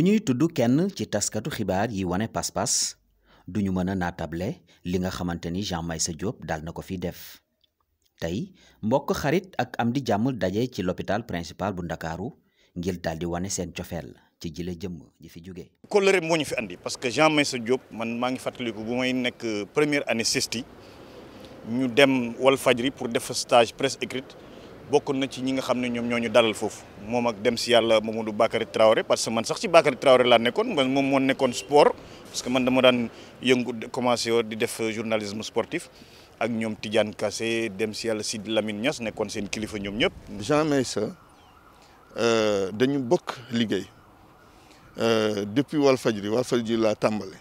bu ñuy tudd kenn ci taskatu xibaar yi wane pas du ñu mën a naatable li nga xamante ni may sa Diop dal na ko fi def tey mbokk xarit ak am di jàmm daje ci l'hôpital principal bu Ndakaaru ngir daal di wane seen cofeel ci jile jëm ji fi jóge kóllëre moo ñu fi andi parce que Jean sa Diop man maa ngi fàttaliku bu may nekk première année CESTI ñu dem Walfadjri pour def stage presse écrite bokku na ci ñi nga xamne ñom ñoñu dalal fofu mom ak dem ci yalla Mamadou bakari Traoré parce que man sax ci bakari Traoré la nekkon man sport parce que man dama dan yeungu commencé di def journalisme sportif ak ñom Tidiane Kassé dem si yalla sid Lamine Niass nekkon seen kilifa ñoom ñëpp. Jean euh dañu bokk euh depuis wal Walfadjri la tambalé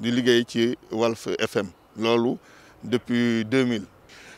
di liguey ci wal FM lolu depuis 2000.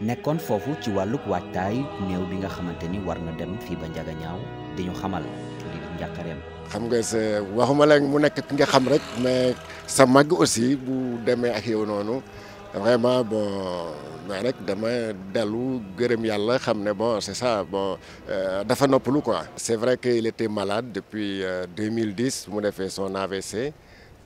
nekkoon foofu ci wàlluk waajtaay néew bi nga xamante ni war na dem fii ba njaga ñaaw di ñu xamal li di xam nga sa waxuma la mu nekk ki nga xam rek mais sa màgg aussi bu demee ak yow noonu vraiment bon mais rek dama dellu gërëm yàlla xam ne bon c'est ça bon euh, dafa noppalu quoi c'est vrai que il était malade depuis 2010 euh, mu defee son AVC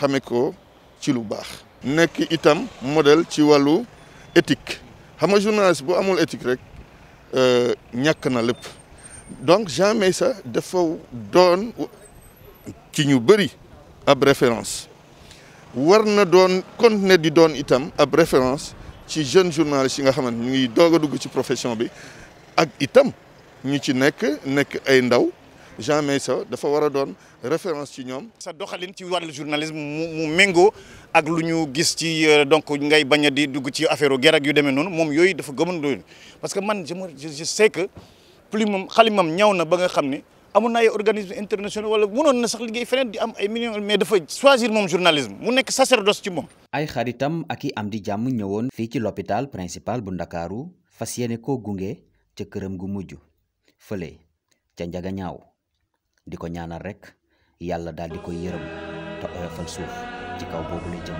Hameko, ko ci lu bax nek itam modèle ci walu éthique xam nga journaliste bu amul éthique rek euh, ñak na lepp donc Jean Meissa dafa doon ci ñu bëri ab référence war na doon di doon itam ab référence ci jeune journaliste yi nga xamante ñuy doga doog dugg ci profession bi ak itam ñu ci nek nek ay ndaw Jean Meissa dafa war a doon référence ci ñoom. sa doxalin ci wàllu journalisme mu méngoo ak lu ñu gis ci euh, donc ngay bañ di dugg ci affaire guerre ak yu demee noonu moom yooyu dafa gëmoon loolu parce que man je sais que plume xalimam ñaw na ba nga xam na ay organisme international wala mënoon na sax liggéey feneen di am ay millions mais dafa choisir moom journalisme mu nek sacerdoce ci moom. ay xaritam ak i am di jàmm ñëwoon fii ci l'hôpital principal bu Ndakaaru fas ko koo gunge ca këram gu mujj fële ca ñaaw di ko ñaanal rek yàlla daal di koy yërëm te oyofal suuf ci kaw boobu la